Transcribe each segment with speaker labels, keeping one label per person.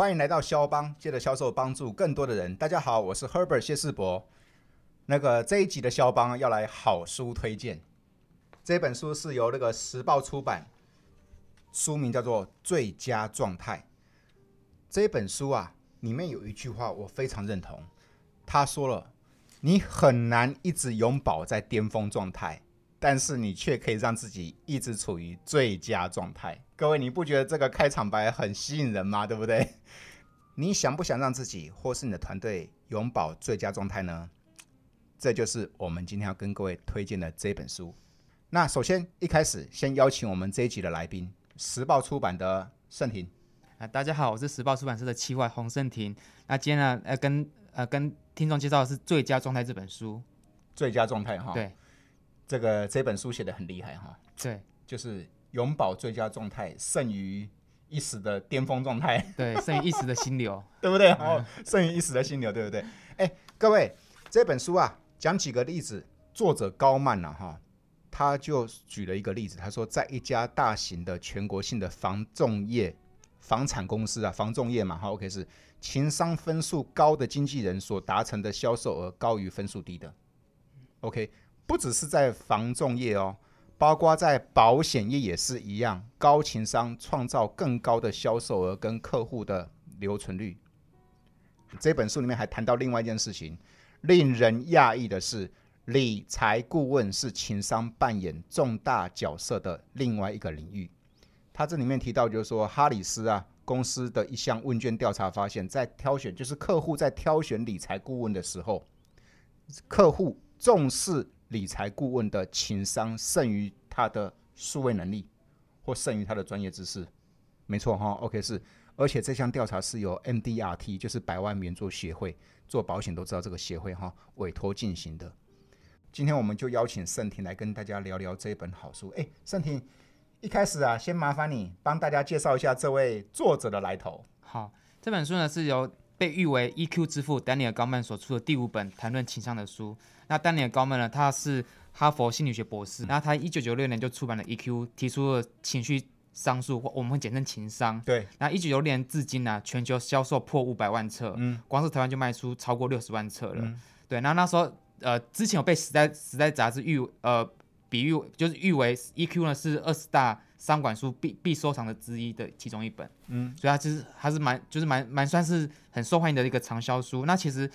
Speaker 1: 歡迎來到銷幫，借着銷售幫助更多的人。大家好，我是 Herbert 解世博。那個這一集的銷幫要來好書推薦，這本書是由那個時報出版，書名叫做《最佳狀態》。這本書啊，裡面有一句話我非常認同，他說了：“你很難一直永保在巔峰狀態，但是你卻可以讓自己一直處於最佳狀態。”各位，你不覺得這個開場白很吸引人嗎？對不對？你想不想讓自己或是你的團隊永保最佳狀態呢？這就是我們今天要跟各位推薦的這本書。那首先一開始先邀請我們這一集的來賓，時報出版的盛廷。啊、呃，大家好，我是時報出版社的企劃洪盛
Speaker 2: 廷。那今天呢，呃，跟呃跟聽眾介紹的是《最佳狀態》這本書，《最佳狀態》哈。嗯、對。
Speaker 1: 這個這本書寫得很厲害哈。對，就是。永保最佳狀態，勝於一時的巔峰狀態。對，勝於一， 一時的心流，對不對？哦，勝於一時的心流，對不對？哎，各位，這本書啊，講幾個例子。作者高曼呢、啊，哈，他就舉了一個例子，他說，在一家大型的全國性的房仲業房產公司啊，房仲業嘛，哈，OK，是情商分數高的經紀人所達成的銷售額高於分數低的。OK，不只是在房仲業哦。包括在保險業也是一樣，高情商創造更高的銷售額跟客戶的留存率。這本書裡面還談到另外一件事情，令人訝異的是，理財顧問是情商扮演重大角色的另外一個領域。他這裡面提到就是說，哈里斯啊公司的一項問卷調查發現，在挑選就是客戶在挑選理財顧問的時候，客戶重視。理財顧問的情商勝於他的數位能力，或勝於他的專業知識，沒錯哈、哦。OK，是，而且這項調查是由 MDRT，就是百萬圓桌協會，做保險都知道這個協會哈、哦，委托進行的。今天我們就邀請盛婷來跟大家聊聊這本好書。哎、欸，盛婷，一開始啊，先麻煩你幫大家介紹一下這位作者的來頭。
Speaker 2: 好，這本書呢是由。被譽為 EQ 之父丹尼爾·高曼所出的第五本談論情商的書。那丹尼爾·高曼呢，他是哈佛心理學博士。然那他一九九六年就出版了 EQ，提出了情緒商數，我們會簡稱情商。對。那一九九六年至今呢、啊，全球銷售破五百萬冊，嗯，光是台灣就賣出超過六十萬冊了。嗯、對。那那時候，呃，之前有被時《時代》《時代》雜誌譽，呃，比喻就是譽為 EQ 呢是二十大。商管書必必收藏的之一的其中一本，嗯，所以它其實還是蠻就是蠻蠻、就是、算是很受歡迎的一個暢銷書。那其實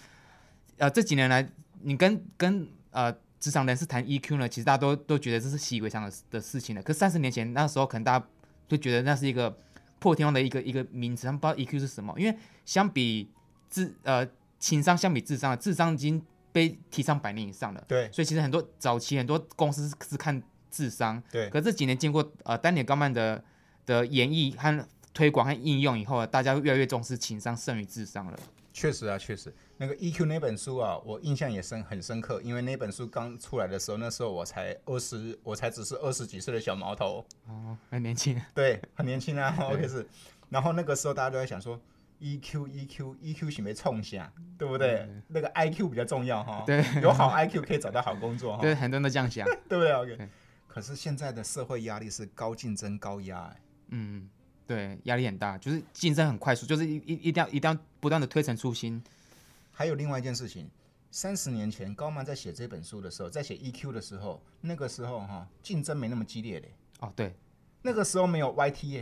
Speaker 2: 呃這幾年來，你跟跟呃職場人士談 EQ 呢，其實大家都都覺得這是習以為常的的事情了。可三十年前那時候，可能大家就覺得那是一個破天荒的一個一個名詞，他們不知道 EQ 是什麼。因為相比智呃情商相比智商，智商已經被提上百年以上了，對，所以其實很多早期很多公司是看。智商對，可這幾年經過呃丹尼爾高曼的的演繹和推廣和應用以後，大家越來越重視情商勝於智
Speaker 1: 商了。確實啊，確實那個 EQ 那本書啊，我印象也深很深刻，因為那本書剛出來的時候，那時候我才二十，我才只是二十幾歲的小毛頭哦，很年輕。對，很年輕啊，OK 是。然後那個時候大家都在想說，EQ，EQ，EQ，行沒衝下，對不對？那個 IQ 比較重要哈，對，有好 IQ 可以找到好工作哈，對，很多人都這樣想，對不對？OK。可是現在的社會壓力是高競爭高壓欸。嗯，
Speaker 2: 對，壓力很大，就是競爭很快速，就是一一一定要，一定要不斷的推陳出新。
Speaker 1: 還有另外一件事情，三十年前高曼在寫這本書的時候，在寫 EQ 的時候，那個時候哈，啊，競爭沒那麼激烈嘞，欸。哦，對，那個時候沒有 YT 耶，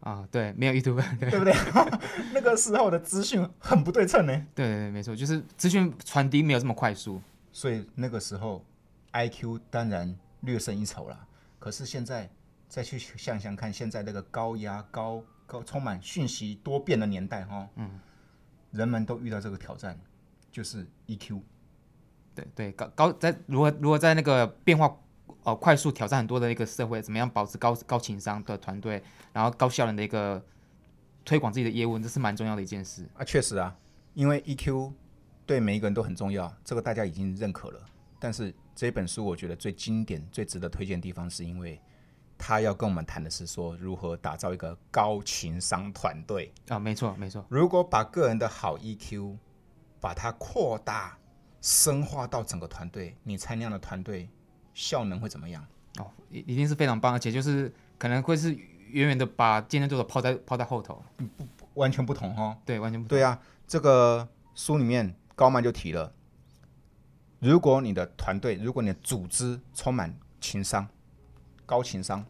Speaker 2: 欸。啊，哦，對，沒有 YouTuber, 對，對不對？
Speaker 1: 那個時候的資訊很不對稱呢，欸。對
Speaker 2: 對對，沒錯，就是資訊傳遞沒有這麼快速。
Speaker 1: 所以那個時候 IQ 當然略勝一籌啦，可是現在再去想想看，現在那個高壓、高高、充滿訊息、多變的年代，哦，嗯，人們都遇到這個挑戰，就是 EQ。
Speaker 2: 對對，高高在如何如何在那個變化呃快速挑戰很多的一個社會，怎麼樣保持高高情商的團隊，然後高效能的一個推廣自己的業務，這是蠻重要的一件事。
Speaker 1: 啊，確實啊，因為 EQ 對每一個人都很重要，這個大家已經認可了。但是這本書我覺得最經典、最值得推薦的地方，是因為他要跟我們談的是說如何打造一個高情商團隊啊、哦，沒錯沒錯。如果把個人的好 EQ，把它擴大、深化到整個團隊，你猜那樣的團隊效能會怎麼樣？
Speaker 2: 哦，一一定是非常棒，而且就是可能會是遠遠的把競爭對手拋在拋在後頭。嗯，
Speaker 1: 不完全不同哈、哦。對，完全不同。對啊，這個書裡面高曼就提了。如果你的團隊，如果你的組織充滿情商、高情商，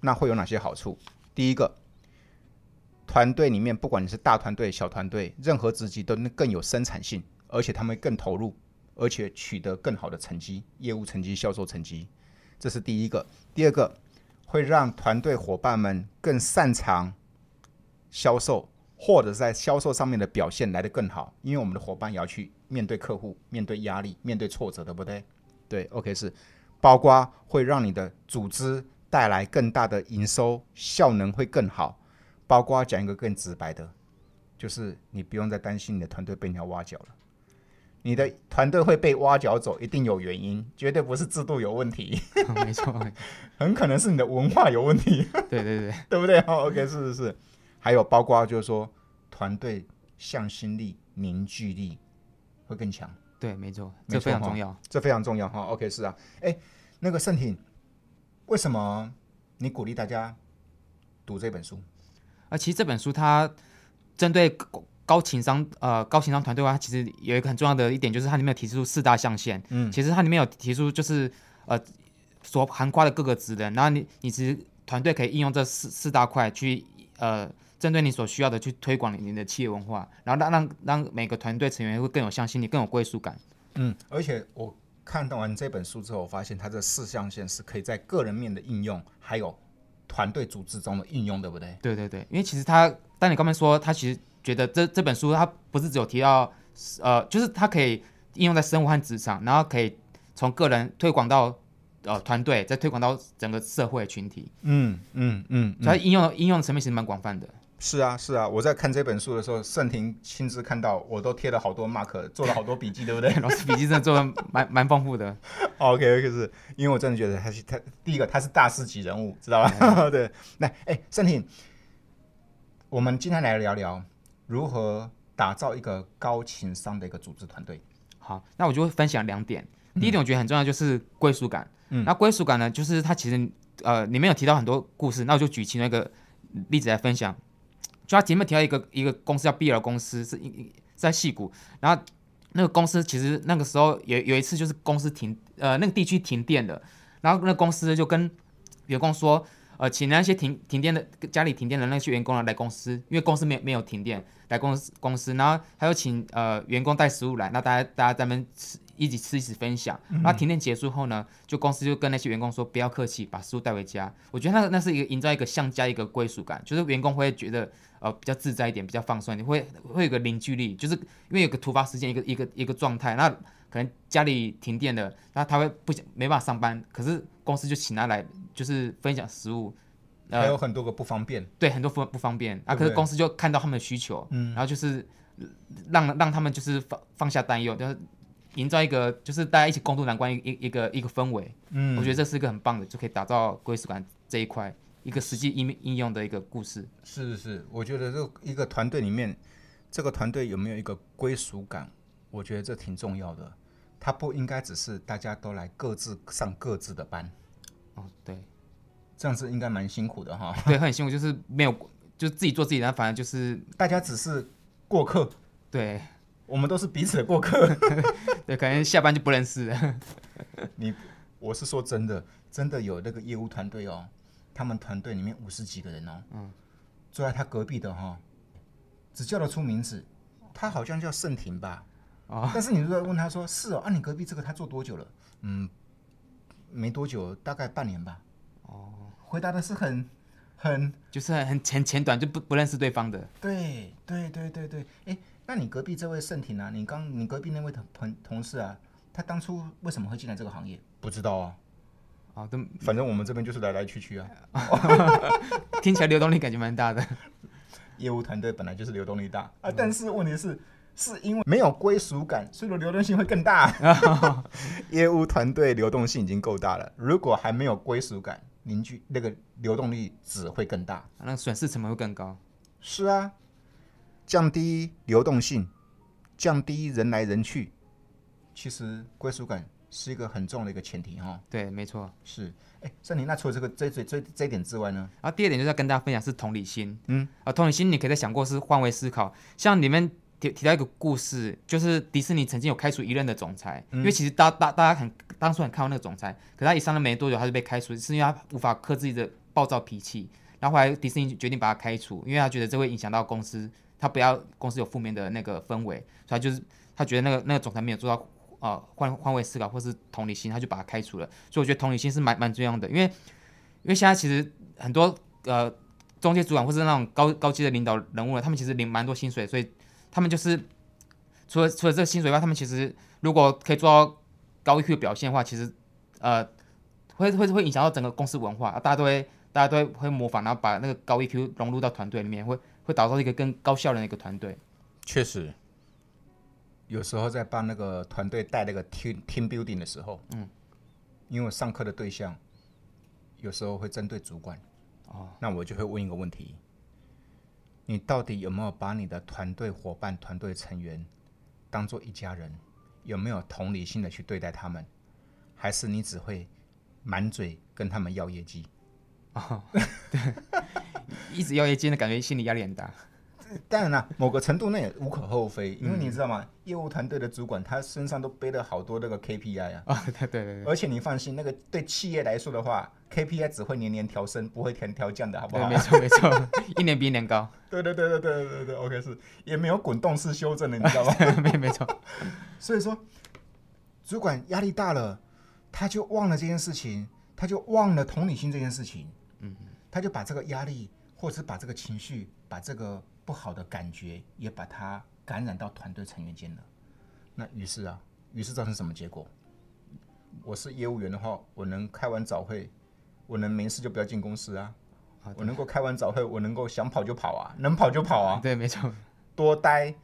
Speaker 1: 那會有哪些好處？第一個，團隊裡面不管你是大團隊、小團隊，任何職級都能更有生產性，而且他們更投入，而且取得更好的成績、業務成績、銷售成績，這是第一個。第二個，會讓團隊夥伴們更擅長銷售。或者在銷售上面的表現來得更好，因為我們的夥伴也要去面對客戶、面對壓力、面對挫折，對不對？對，OK 是，包括會讓你的組織帶來更大的營收，效能會更好，包括講一個更直白的，就是你不用再擔心你的團隊被人家挖角了，你的團隊會被挖角走，一定有原因，絕對不是制度有問題，沒錯， 很可能是你的文化有問題，對，對對對， 對不對？OK 是是是。是還有包括就是說，團隊向心力、凝聚力會更強。
Speaker 2: 對，沒錯錯、哦，這非常重要。
Speaker 1: 這非常重要哈。OK，是啊。哎，那個盛挺，為什麼你鼓勵大家讀這本書？
Speaker 2: 啊、呃，其實這本書它針對高情商呃高情商團隊的話，它其實有一個很重要的一點，就是它裡面有提出四大象限。嗯。其實它裡面有提出就是呃所涵蓋的各個職能，然後你你其實團隊可以應用這四四大塊去呃。針對你所需要的去推廣你的企業文化，然後讓讓讓每個團隊成員會更有向心力，更有歸屬感。嗯，
Speaker 1: 而且我看到完這本書之後，我發現它這四象限是可以在個人面的應用，還有團隊組織中的應用，對不對？對
Speaker 2: 對對，因為其實他，但你剛才說他其實覺得這這本書，它不是只有提到呃，就是它可以應用在生活和職場，然後可以從個人推廣到呃團隊，再推廣到整個社會群體。嗯嗯嗯，它、嗯嗯、應用的、嗯、應用層面其實蠻廣泛的。
Speaker 1: 是啊，是啊，我在看這本書的時候，盛婷親自看到，我都貼了好多 mark，做了好多筆記， 對，對不對？老師筆記真的做的蠻 蠻豐富的。OK，就、okay，是因為我真的覺得他是他第一個，他是大師級人物，知道吧？嗯、 對。那哎、欸，盛婷，我們今天來聊聊如何打造一個高情商的一個組織團隊。
Speaker 2: 好，那
Speaker 1: 我就會分享兩點。
Speaker 2: 嗯、第一點，我覺得很重要，就是歸屬感。嗯、那歸屬感呢，就是他其實呃裡面有提到很多故事，那我就舉其中一個例子來分享。就他前面提到一個一個公司叫貝爾公司，是一在矽谷。然後那個公司其實那個時候有有一次就是公司停呃那個地區停電了，然後那公司就跟員工說，呃請那些停停電的家裡停電的那些員工來，來公司，因為公司沒有沒有停電，來公司公司，然後他又請呃，呃員工帶食物來，那大家大家在那吃。一起吃一起分享，那停電結束後呢，就公司就跟那些員工說，不要客氣，把食物帶回家。我覺得那那是一個營造一個像家一個歸屬感，就是員工會覺得呃比較自在一點，比較放鬆一點，你會會有個凝聚力，就是因為有個突發事件一個一個一個狀態，那可能家裡停電了，那他會不想沒辦法上班，可是公司就請他來，就是分享食物。呃、還有很
Speaker 1: 多個不方便。
Speaker 2: 對，很多不方便啊，對對，可是公司就看到他們的需求，嗯，然後就是讓讓他們就是放放下擔憂，就是。營造一個就是大家一起共度難關一個一個一個氛圍，嗯，我覺得這是一個很棒的，就可以打造歸屬感這一塊一個實際應
Speaker 1: 應用的一個故事。是是是，我覺得這個一個團隊裡面，這個團隊有沒有一個歸屬感，我覺得這挺重要的。他不應該只是大家都來各自上各自的班。哦，對，這樣子應該蠻辛苦的哈。
Speaker 2: 對，很辛苦，就是沒有，就是自己做自己，的，反而就是大家只是過客。對，我們都是彼此的過客。對 對，可能下班就不認識了。
Speaker 1: 你，我是說真的，真的有那個業務團隊哦，他們團隊裡面五十幾個人哦，嗯、坐在他隔壁的哈、哦，只叫得出名字，他好像叫盛庭吧？哦，但是你如果問他說是哦，啊你隔壁這個他做多久了？嗯，沒多久，大概半年吧。哦，回答的是很很，就是很簡簡短，就不不認識對方的。對對對對對，哎。那你隔壁這位盛挺啊，你剛你隔壁那位同同同事啊，他當初為什麼會進來這個行業？不知道啊，啊，都反正我們這邊就是來來去去啊，啊聽起來流動性感覺蠻大的。 業務團隊本來就是流動性大啊，但是問題是，是因為沒有歸屬感，所以流動性會更大。 業務團隊流動性已經夠大了，如果還沒有歸屬感，凝聚那個流動性只會更大，啊，那損失成本會更高。是啊。降低流動性，降低人來人去，其實歸屬感是一個很重的一個前提哈。對，沒錯，是。哎、欸，像你那除了這個這這這一這一點之外呢？
Speaker 2: 啊，第二點就是要跟大家分享是同理心。嗯。啊，同理心你可以在想過是換位思考。像裡面提提到一個故事，就是迪士尼曾經有開除一任的總裁，嗯、因為其實大大大家很當初很看好那個總裁，可是他一上任沒多久他就被開除，是因為他無法克制自己的暴躁脾氣。然後後來迪士尼決定把他開除，因為他覺得這會影響到公司。他不要公司有負面的那個氛圍，所以他就是他覺得那個那個總裁沒有做到呃換換位思考或是同理心，他就把他開除了。所以我覺得同理心是蠻蠻重要的，因為因為現在其實很多呃中階主管或是那種高高級的領導人物，他們其實領蠻多薪水，所以他們就是除了除了這個薪水外，他們其實如果可以做到高 EQ 表現的話，其實呃會會會影響到整個公司文化，大家都會大家都會會模仿，然後把那個高 EQ 融入到團隊裡面會。會打造一個更高效的一個團隊。確實，
Speaker 1: 有時候在幫那個團隊帶那個 team team building 的時候，嗯，因為我上課的對象有時候會針對主管，哦，那我就會問一個問題：你到底有沒有把你的團隊夥伴、團隊成員當做一家人？有沒有同理心的去對待他們？還是你只會滿嘴跟他們要業績？啊、哦，對。 一直要業績那感覺，心理壓力很大。當然了，某個程度那也無可厚非，嗯、因為你知道嗎？業務團隊的主管他身上都背了好多那個 KPI 啊。對對、哦、
Speaker 2: 對。對對，而
Speaker 1: 且你放心，那個對企業來說的話，KPI 只會年年調升，不會調調降的，好不好、啊？沒錯
Speaker 2: 沒錯，一年比一年高。
Speaker 1: 對對對對對對對 o、okay, k 是，也沒有滾動式修正的，你知道嗎？啊、對沒沒錯。所以說，主管壓力大了，他就忘了這件事情，他就忘了同理心這件事情。嗯哼。他就把這個壓力。或者是把這個情緒，把這個不好的感覺，也把它感染到團隊成員間了。那於是啊，於是造成什麼結果？我是業務員的話，我能開完早會，我能沒事就不要進公司啊。Oh, 對我能夠開完早會，我能夠想跑就跑啊，能跑就跑啊。對，沒錯。多待，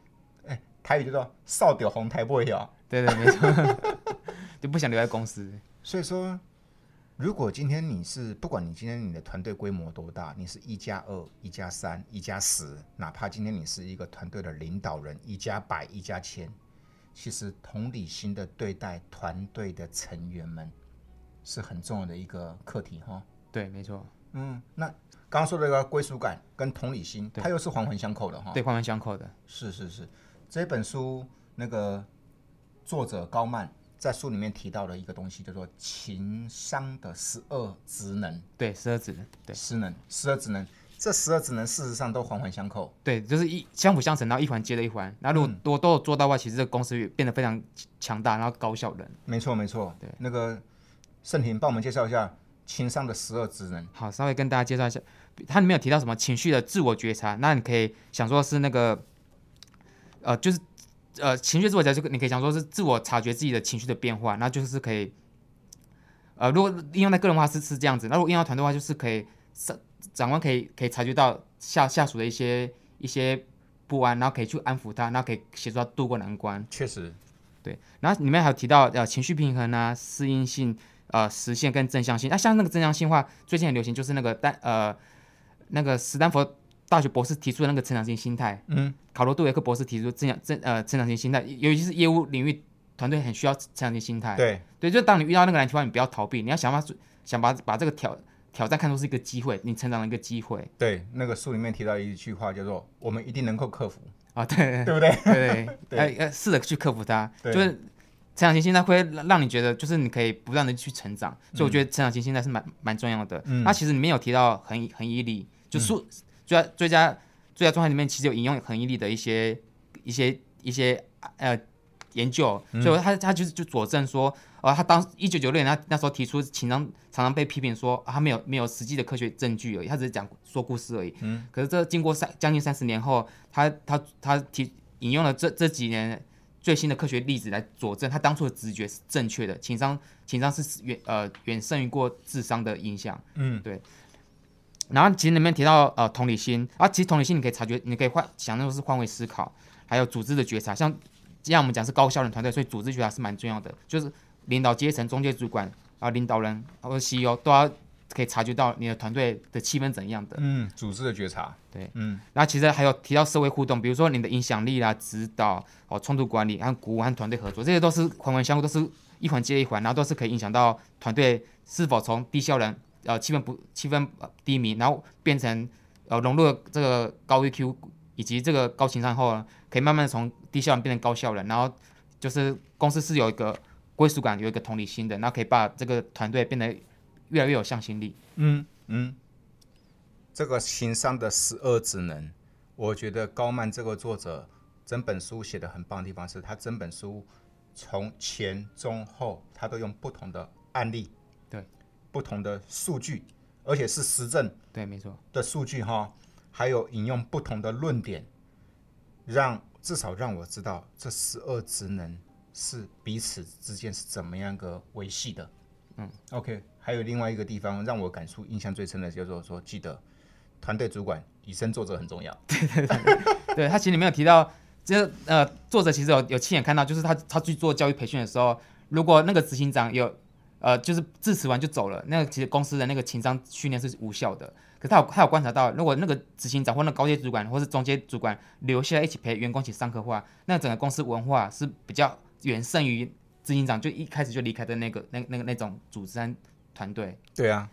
Speaker 1: 哎，台語叫做少屌紅台不會啊。對對，沒錯。 就不想留在公司。所以說。如果今天你是，不管你今天你的團隊規模多大，你是一加二、一加三、一加十，10，哪怕今天你是一個團隊的領導人，一加百、一加千，其實同理心的對待團隊的成員們是很重要的一個課題哈。對，沒錯。嗯，那剛剛說的這個歸屬感跟同理心，對它又是環環相扣的哈。對，環環相扣的。是是是，這本書那個作者高曼。在書裡面提到的一個東西叫做、就是、情商的十二職能，能，對，十二職能，對，職能，十二職能，這十二職能事實上都環環相扣，
Speaker 2: 對，就是一相輔相成，然後一環接了一環。那如果如果、嗯、都做到的話，其實這個公司變得非常強大，然後高效能。
Speaker 1: 沒錯，沒錯，對。那個盛庭，幫我們介紹一下情商的十二職能。
Speaker 2: 好，稍微跟大家介紹一下，它裡面有提到什麼情緒的自我覺察，那你可以想說是那個，呃，就是。呃，情緒自我察覺，就你可以想說是自我察覺自己的情緒的變化，那就是可以，呃，如果應用在個人的話，是是這樣子。那如果應用在團隊的話，就是可以上長官可以可以察覺到下下屬的一些一些不安，然後可以去安撫他，然後可以協助他度過難關。確實，對。然後裡面還有提到呃情緒平衡啊、適應性呃實現跟正向性。那像那個正向性的話，最近很流行就是那個單呃那個史丹佛，大學博士提出的那個成長型心態，嗯，卡蘿杜維克博士提出這樣，這呃成長型心態，尤其是業務領域團隊很需要成長型心態。對，對，就當你遇到那個難題的話，你不要逃避，你要想辦法想把把這個挑挑戰看作是一個機會，你成長的一個機會。
Speaker 1: 對，那個書裡面提到一句話叫做“我們一定能夠克服”。啊，對，對不對？對，對，對，對
Speaker 2: 要要試着去克服它。對，就是成長型心態會讓你覺得，就是你可以不斷的去成長。嗯，所以我覺得成長型心態是蠻蠻重要的。嗯，那其實裡面有提到很很毅力，就是。嗯在最佳最佳狀態裡面，其實有引用恆毅力的一些一些一些呃研究，嗯、所以他他就是就佐證說，呃、哦，他當一九九六年他那時候提出情商常常被批評說、哦、他沒有沒有實際的科學證據而已，他只是講說故事而已。嗯、可是這經過三將近三十年後，他他他提引用了這這幾年最新的科學例子來佐證他當初的直覺是正確的，情商情商是遠呃遠勝於過智商的影響。嗯，對。然後其實裡面提到呃同理心，啊其實同理心你可以察覺，你可以換想說是換位思考，還有組織的覺察，像像我們講是高效能團隊，所以組織覺察是蠻重要的，就是領導階層、中介主管啊、領導人還有、啊、CEO 都要可以察覺到你的團隊的氣氛怎樣的。嗯，
Speaker 1: 組織的覺察，對，嗯。然
Speaker 2: 後其實還有提到社會互動，比如說你的影響力啦、啊、指導哦、呃、衝突管理、還有鼓舞、和團隊合作，這些都是環環相扣，都是，一環接一環，然後都是可以影響到團隊是否從低效能，呃，氣氛不氣氛呃低迷，然後變成呃融入了這個高 EQ 以及這個高情商後呢，可以慢慢從低效能變成高效能，然後就是公司是有一個歸屬感，有一個同理心的，那可以把這個團隊變得越來越有向心力。嗯嗯，
Speaker 1: 這個情商的十二職能，我覺得高曼這個作者整本書寫的很棒的地方是他整本書從前中後他都用不同的案例。對。不同的數據，而且是實證，對，沒錯的數據哈，還有引用不同的論點，讓至少讓我知道這十二職能是彼此之間是怎麼樣個維繫的。嗯，OK，還有另外一個地方讓我感觸印象最深的，就是說，說，記得團隊主管以身作則很重要。對
Speaker 2: 對對，對他其實裡面有提到，就呃，作者其實有有親眼看到，就是他他去做教育培訓的時候，如果那個執行長有。呃，就是致辭完就走了。那個，其實公司的那個情商訓練是無效的。可是他有，他有觀察到，如果那個執行長或那高階主管或是中階主管留下來一起陪員工一起上課的話，那個，整個公司文化是比較遠勝於執行長就一開始就離開的那個那那個那
Speaker 1: 種組織團隊。對啊，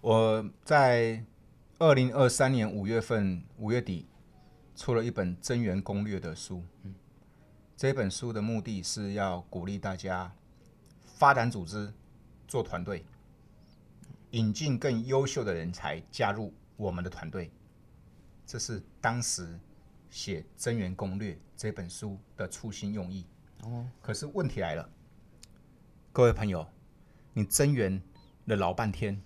Speaker 1: 我在二零二三年五月份五月底出了一本《增員攻略》的書。嗯，這本書的目的是要鼓勵大家。發展組織，做團隊，引進更優秀的人才加入我們的團隊，這是當時寫《增援攻略》這本書的初心用意。哦，可是問題來了，各位朋友，你增援了老半天，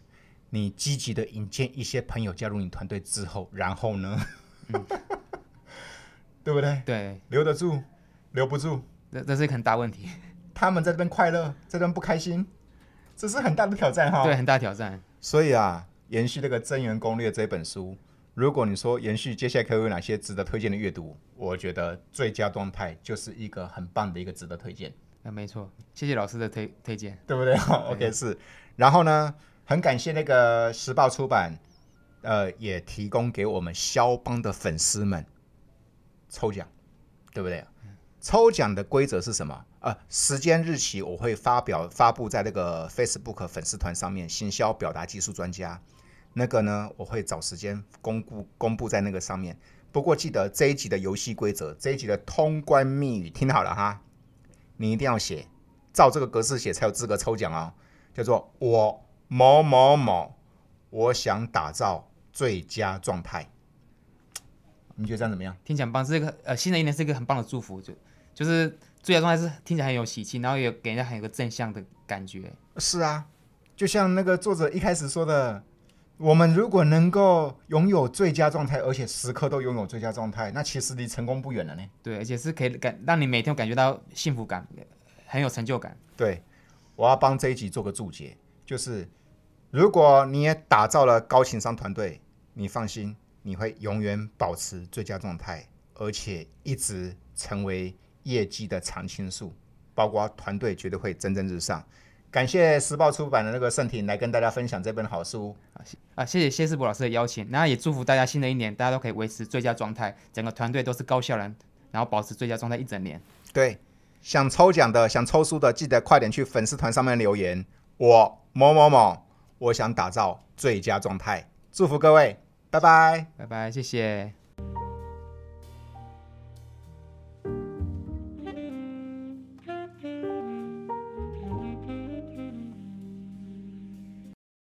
Speaker 1: 你積極的引薦一些朋友加入你團隊之後，然後呢？嗯， 對不對？對，留得住，留不住，那這是一很大問題。他們在這邊快樂，在這邊不開心，這是很大的挑戰哈。對，吼很大挑戰。所以啊，延續這、那個《增援攻略》這本書，如果你說延續，接下來可以有哪些值得推薦的閱讀？我覺得最佳狀態就是一個很棒的一個值得推薦。那、啊、沒錯，謝謝老師的推推薦，對不對？好對 ，OK 是。然後呢，很感謝那個時報出版，呃，也提供給我們銷幫的粉絲們抽獎，對不對？抽獎的規則是什麼？呃、啊，時間日期我會發表發布在那個 Facebook 粉絲團上面，行銷表達技術專家。那個呢，我會找時間公布公布在那個上面。不過記得這一集的遊戲規則，這一集的通關密語，聽好了哈，你一定要寫，照這個格式寫才有資格抽獎哦。叫做我某某某，我想打造最佳狀態。你覺得這樣怎麼樣？
Speaker 2: 聽起來很棒，是一個呃，新的一年是一個很棒的祝福，就就是最佳狀態是聽起來很有喜氣，然後也給人家很有個正向的感覺。
Speaker 1: 是啊，就像那個作者一開始說的，我們如果能夠擁有最佳狀態，而且時刻都擁有最佳狀態，那其實離成功不遠了呢。
Speaker 2: 對，而且是可以感讓你每天感覺到幸福感，很有成就感。
Speaker 1: 對，我要幫這一集做個注解，就是如果你也打造了高情商團隊，你放心。你會永遠保持最佳狀態，而且一直成為業績的常青樹，包括團隊絕對會蒸蒸日上。感謝時報出版的那個盛庭來跟大家分享這本好書
Speaker 2: 啊！謝謝解世博老師的邀請，那也祝福大家新的一年，大家都可以維持最佳狀態，整個團隊都是高效人，然後保持最佳狀態一
Speaker 1: 整年。對，想抽獎的、想抽書的，記得快點去粉絲團上面留言，我某某某，我想打造最佳狀態，祝福各位。拜拜，拜拜，謝謝。